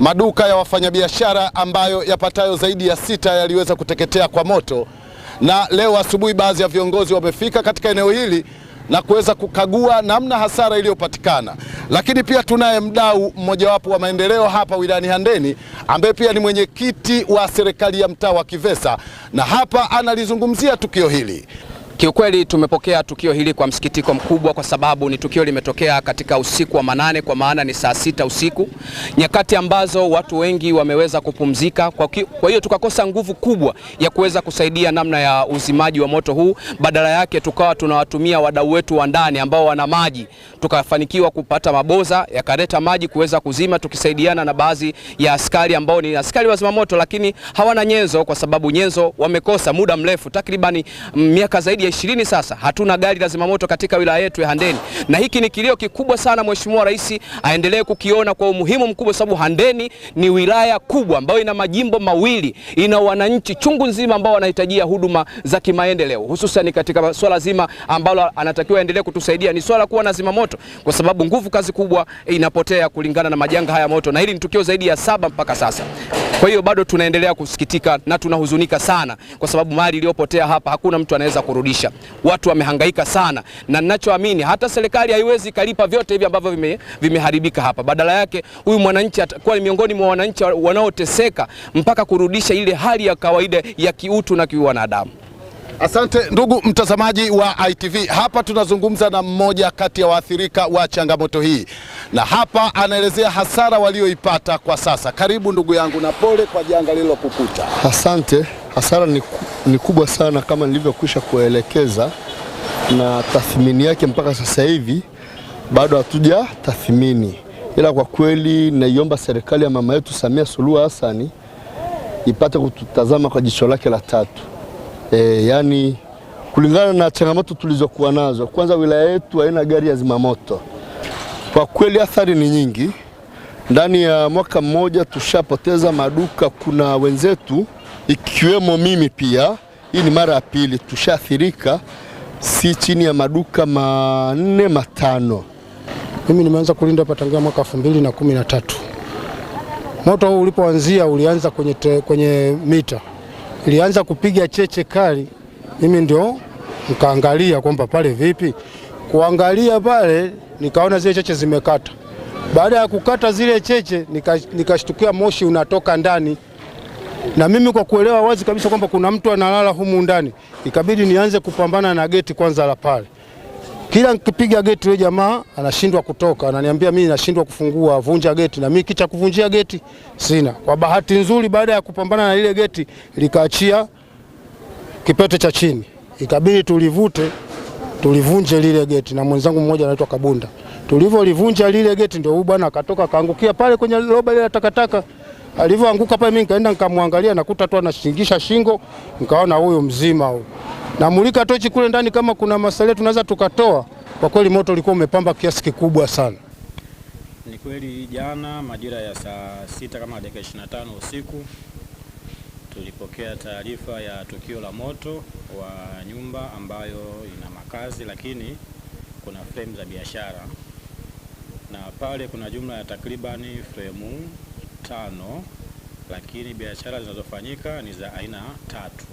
Maduka ya wafanyabiashara ambayo yapatayo zaidi ya sita yaliweza kuteketea kwa moto, na leo asubuhi baadhi ya viongozi wamefika katika eneo hili na kuweza kukagua namna hasara iliyopatikana, lakini pia tunaye mdau mmojawapo wa maendeleo hapa wilayani Handeni ambaye pia ni mwenyekiti wa serikali ya mtaa wa Kivesa, na hapa analizungumzia tukio hili. Kiukweli tumepokea tukio hili kwa msikitiko mkubwa, kwa sababu ni tukio limetokea katika usiku wa manane, kwa maana ni saa sita usiku, nyakati ambazo watu wengi wameweza kupumzika. Kwa hiyo tukakosa nguvu kubwa ya kuweza kusaidia namna ya uzimaji wa moto huu, badala yake tukawa tunawatumia wadau wetu wa ndani ambao wana maji, tukafanikiwa kupata maboza yakaleta maji kuweza kuzima, tukisaidiana na baadhi ya askari ambao ni askari wa moto, lakini hawana nyenzo, kwa sababu nyenzo wamekosa muda mrefu, takribani mm, miaka zaidi miaka ishirini sasa hatuna gari la zimamoto katika wilaya yetu ya Handeni, na hiki ni kilio kikubwa sana. Mheshimiwa Rais aendelee kukiona kwa umuhimu mkubwa, sababu Handeni ni wilaya kubwa ambayo ina majimbo mawili, ina wananchi chungu nzima ambao wanahitajia huduma za kimaendeleo, hususan katika swala zima ambalo anatakiwa aendelee kutusaidia ni swala kuwa na zimamoto, kwa sababu nguvu kazi kubwa inapotea kulingana na majanga haya moto, na hili ni tukio zaidi ya saba mpaka sasa. Kwa hiyo bado tunaendelea kusikitika na tunahuzunika sana, kwa sababu mali iliyopotea hapa hakuna mtu anaweza kurudisha maisha. Watu wamehangaika sana, na ninachoamini hata serikali haiwezi ikalipa vyote hivi ambavyo vime, vimeharibika hapa. Badala yake huyu mwananchi atakuwa ni miongoni mwa wananchi wanaoteseka mpaka kurudisha ile hali ya kawaida ya kiutu na kiwanadamu. Asante ndugu mtazamaji wa ITV. Hapa tunazungumza na mmoja kati ya waathirika wa changamoto hii, na hapa anaelezea hasara walioipata kwa sasa. Karibu ndugu yangu, na pole kwa janga lililokukuta. Asante. Hasara ni ni kubwa sana kama nilivyokwisha kuelekeza, na tathmini yake mpaka sasa hivi bado hatuja tathmini, ila kwa kweli naiomba serikali ya mama yetu Samia Suluhu Hassan ipate kututazama kwa jicho lake la tatu. E, yani kulingana na changamoto tulizokuwa nazo, kwanza wilaya yetu haina gari ya zimamoto. Kwa kweli athari ni nyingi. Ndani ya mwaka mmoja tushapoteza maduka, kuna wenzetu ikiwemo mimi pia. Hii ni mara ya pili tushaathirika, si chini ya maduka manne matano. Mimi nimeanza kulinda hapa tangia mwaka 2013. Moto huu ulipoanzia ulianza kwenye, te, kwenye mita ilianza kupiga cheche kali, mimi ndio nikaangalia kwamba pale vipi, kuangalia pale nikaona zile cheche zimekata. Baada ya kukata zile cheche nikashtukia nika moshi unatoka ndani na mimi kwa kuelewa wazi kabisa kwamba kuna mtu analala humu ndani, ikabidi nianze kupambana na geti kwanza la pale. Kila nikipiga geti yule jamaa anashindwa kutoka, ananiambia mimi nashindwa kufungua, vunja geti, na mimi kicha kuvunjia geti sina. Kwa bahati nzuri, baada ya kupambana na lile geti likaachia kipete cha chini, ikabidi tulivute, tulivunje lile geti, na mwenzangu mmoja anaitwa Kabunda. Tulivyolivunja lile geti, ndio huyu bwana akatoka, akaangukia pale kwenye roba ile takataka Alivyoanguka pale, mimi nikaenda nikamwangalia, nakuta tu anashingisha shingo, nikaona huyu mzima huyu. Namulika tochi kule ndani, kama kuna masalia tunaweza tukatoa. Kwa kweli moto ulikuwa umepamba kiasi kikubwa sana. Ni kweli jana majira ya saa sita kama dakika tano usiku tulipokea taarifa ya tukio la moto wa nyumba ambayo ina makazi lakini kuna fremu za biashara na pale kuna jumla ya takribani fremu tano, lakini biashara zinazofanyika ni za aina tatu.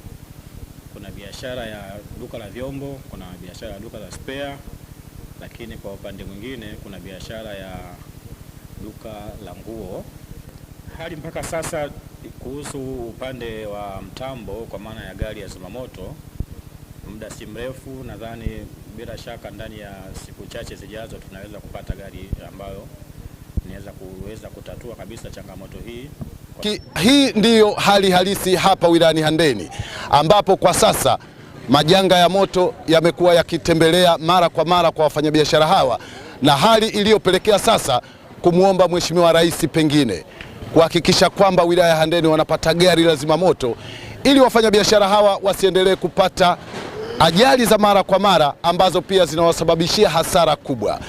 Kuna biashara ya duka la vyombo, kuna biashara ya duka la spare, lakini kwa upande mwingine kuna biashara ya duka la nguo. Hadi mpaka sasa kuhusu upande wa mtambo kwa maana ya gari ya zimamoto, muda si mrefu, nadhani bila shaka ndani ya siku chache zijazo tunaweza kupata gari ambayo tunaweza kuweza kutatua kabisa changamoto hii. Ki, hii ndiyo hali halisi hapa wilayani Handeni ambapo kwa sasa majanga ya moto yamekuwa yakitembelea mara kwa mara kwa wafanyabiashara hawa na hali iliyopelekea sasa kumwomba Mheshimiwa Rais pengine kuhakikisha kwamba wilaya ya Handeni wanapata gari la zima moto ili wafanyabiashara hawa wasiendelee kupata ajali za mara kwa mara ambazo pia zinawasababishia hasara kubwa.